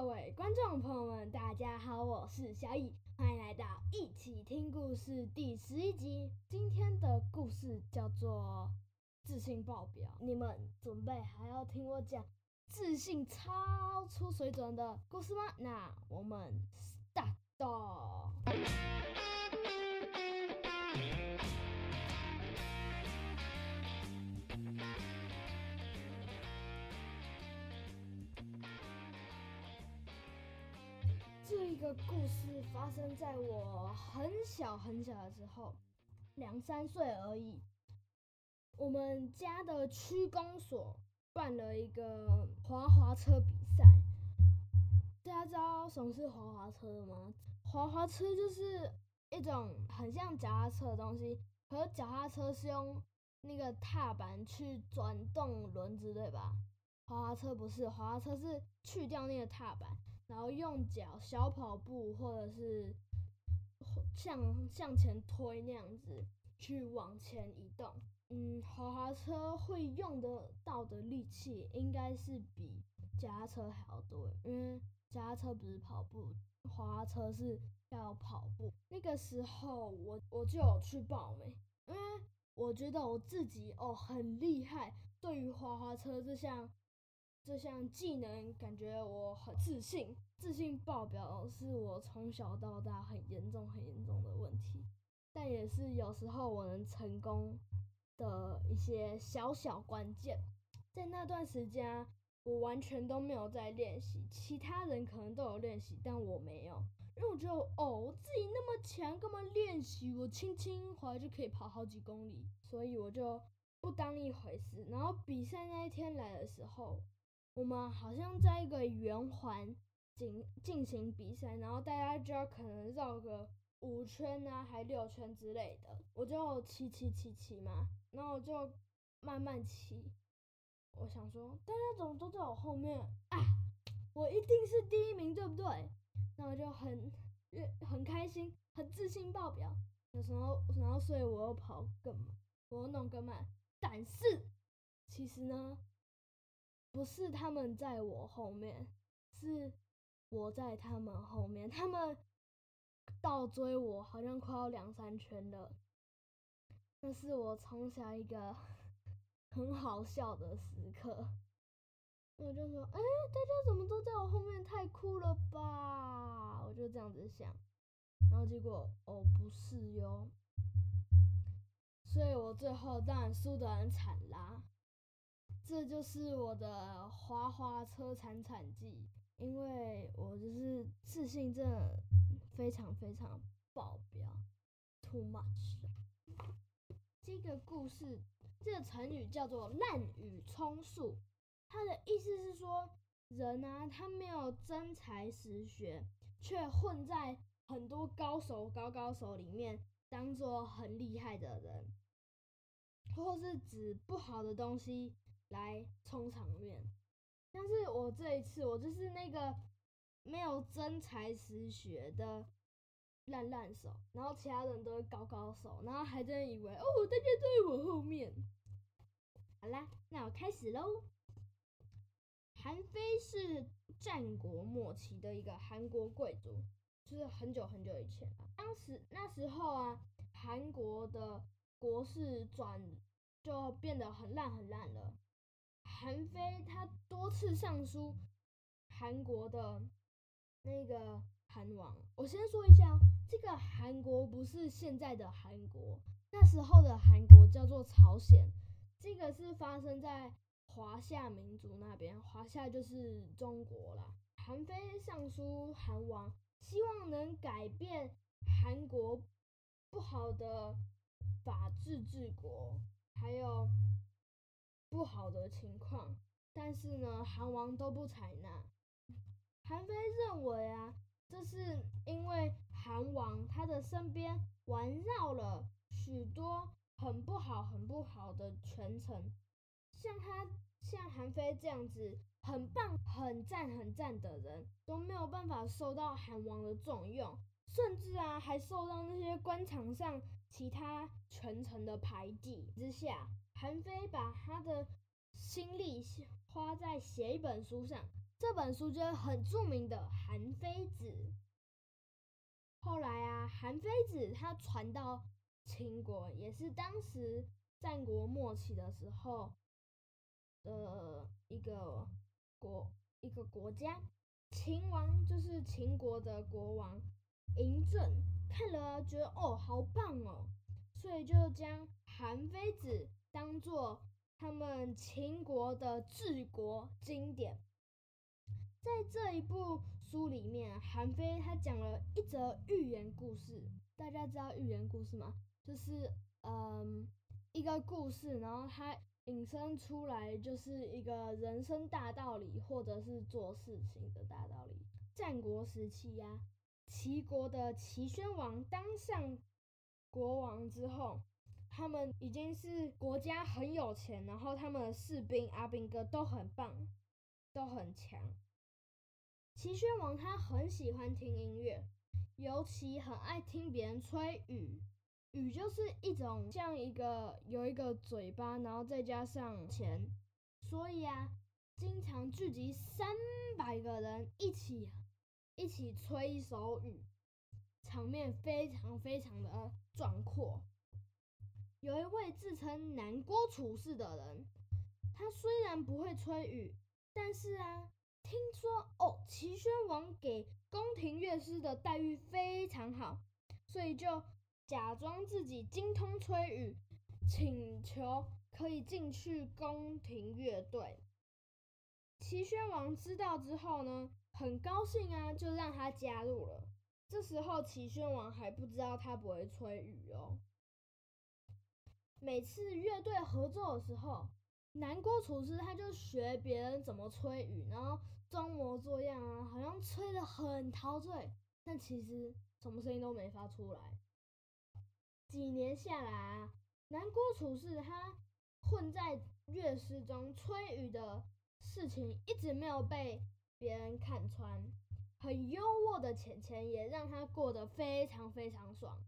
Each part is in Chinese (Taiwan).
各位觀眾朋友們，大家好，我是小雨，歡迎來到一起聽故事第十一集。今天的故事叫做自信爆表，你們準備還要聽我講自信超出水準的故事嗎？那我們。這一個故事發生在我很小很小的時候，兩三歲而已。我們家的區公所辦了一個滑滑車比賽。大家知道什麼是滑滑車的嗎？滑滑車就是一種很像腳踏車的東西，可是腳踏車是用那個踏板去轉動輪子，對吧？滑滑車不是，滑滑車是去掉那個踏板。然後用腳小跑步，或者是向向前推那樣子去往前移動。嗯，滑滑車會用得到的力氣，應該是比家車還要多，因為家車不是跑步，滑滑車是要跑步。那個時候我，我我就有去報名，因、嗯、為我覺得我自己哦很厲害，對於滑滑車這項。這項技能感覺我很自信，自信爆表是我從小到大很嚴重、很嚴重的問題，但也是有時候我能成功的一些小小關鍵。在那段時間，我完全都沒有在練習，其他人可能都有練習，但我沒有，因為我覺得哦，我自己那麼強，幹嘛練習？我輕輕滑就可以跑好幾公里，所以我就不當一回事。然後比賽那一天來的時候。我們好像在一個圓環進進行比賽，然後大家就要可能繞個五圈啊，還六圈之類的。我就騎騎騎騎嘛，然後我就慢慢騎。我想說，大家怎麼都在我後面啊？我一定是第一名，對不對？然後就很很開心，很自信爆表。有時候，然後所以我又跑更，我又弄更慢。但是其實呢。不是他們在我後面，是我在他們後面，他們倒追我，好像快要兩三圈了。那是我從小一個很好笑的時刻，我就說：“哎、欸，大家怎麼都在我後面？太酷了吧！”我就這樣子想，然後結果哦，不是喲，所以我最後當然輸得很慘啦。這就是我的滑滑車慘慘記，因為我就是自信真的非常非常爆表，too much。這個故事，這個成語叫做濫竽充數，它的意思是說，人啊，他沒有真才實學，卻混在很多高手高高手裡面，當作很厲害的人，或是指不好的東西來充場面，但是我這一次，我就是那個沒有真才實學的爛爛手，然後其他人都是高高手，然後還在那邊以為哦，大家在我後面。好啦，那我開始嘍。韓非是戰國末期的一個韓國貴族，就是很久很久以前啊，當時那時候啊，韓國的國勢轉就變得很爛很爛了。韓非他多次上書韓國的，那個韓王。我先說一下，這個韓國不是現在的韓國，那時候的韓國叫做朝鮮。這個是發生在華夏民族那邊，華夏就是中國了。韓非上書韓王，希望能改變韓國不好的法治治國，還有。不好的情況，但是呢，韓王都不採納。韓非認為啊，這是因為韓王他的身邊環繞了許多很不好、很不好的權臣，像他、像韓非這樣子很棒、很讚、很讚的人，都沒有辦法受到韓王的重用，甚至啊，還受到那些官場上其他權臣的排擠之下。韓非把他的心力花在寫一本書上，這本書就是很著名的《韓非子》。後來啊，韓非子他傳到秦國，也是當時戰國末期的時候的一個國一個國家。秦王就是秦國的國王嬴政看了啊，覺得哦，好棒哦，所以就將韓非子。當做他們秦國的治國經典，在這一部書裡面，韓非他講了一則寓言故事。大家知道寓言故事嗎？就是嗯，一個故事，然後他引申出來就是一個人生大道理，或者是做事情的大道理。戰國時期呀、啊，齊國的齊宣王當上國王之後。他們已經是國家很有錢，然後他們的士兵阿兵哥都很棒，都很強。齊宣王他很喜歡聽音樂，尤其很愛聽別人吹竽。竽就是一種像一個有一個嘴巴，然後再加上錢。所以啊，經常聚集三百個人一起一起吹一首竽，場面非常非常的壯闊。有一位自稱南郭處士的人，他雖然不會吹竽，但是啊，聽說哦，齊宣王給宮廷樂師的待遇非常好，所以就假裝自己精通吹竽，請求可以進去宮廷樂隊。齊宣王知道之後呢，很高興啊，就讓他加入了。這時候齊宣王還不知道他不會吹竽哦。每次樂隊合作的時候，南郭處士他就學別人怎麼吹竽，然後裝模作樣啊，好像吹得很陶醉，但其實什麼聲音都沒發出來。幾年下來啊，南郭處士他混在樂師中吹竽的事情一直沒有被別人看穿，很優渥的錢錢也讓他過得非常非常爽。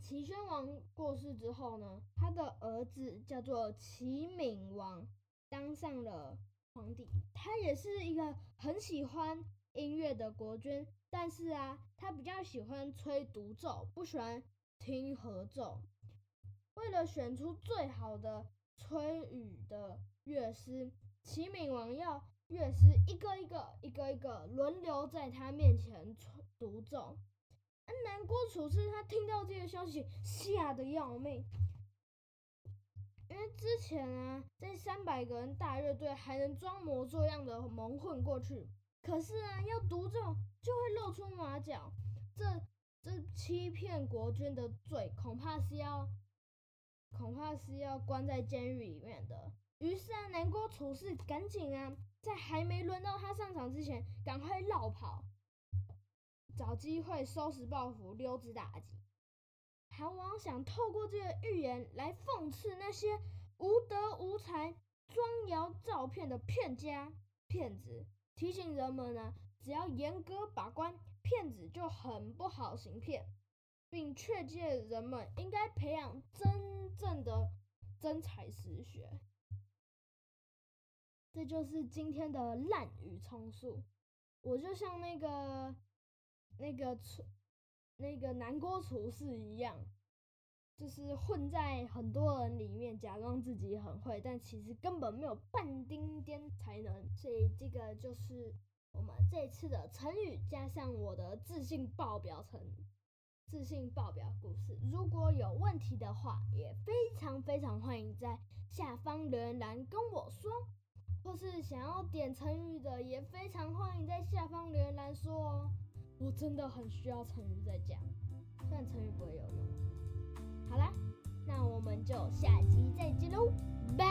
齊宣王過世之後呢，他的兒子叫做齊閔王，當上了皇帝。他也是一個很喜歡音樂的國君，但是啊，他比較喜歡吹獨奏，不喜歡聽合奏。為了選出最好的吹竽的樂師，齊閔王要樂師一個一個、一個一個輪流在他面前吹獨奏。獨啊、南郭處士他聽到這個消息，嚇得要命。因為之前啊，在三百個人大樂隊還能裝模作樣的蒙混過去，可是啊，要獨奏就會露出馬腳。這這欺騙國君的罪，恐怕是要恐怕是要關在監獄裡面的。於是啊，南郭處士趕緊啊，在還沒輪到他上場之前，趕快落跑。找機會收拾報復，溜之大吉。韓王想透過這個寓言來諷刺那些無德無才、招搖撞騙的騙家、騙子，提醒人們呢，只要嚴格把關，騙子就很不好行騙，並勸誡人們應該培養真正的真才實學。這就是今天的濫竽充數。我就像那個。那個廚，那個南郭處士一樣，就是混在很多人裡面，假裝自己很會，但其實根本沒有半丁點才能。所以這個就是我們這次的成語，加上我的自信爆表成自信爆表故事。如果有問題的話，也非常非常歡迎在下方留言欄跟我說，或是想要點成語的，也非常歡迎在下方留言欄說哦。我真的很需要成語再講，雖然成語不會有用。好啦，那我們就下集再見嘍，拜。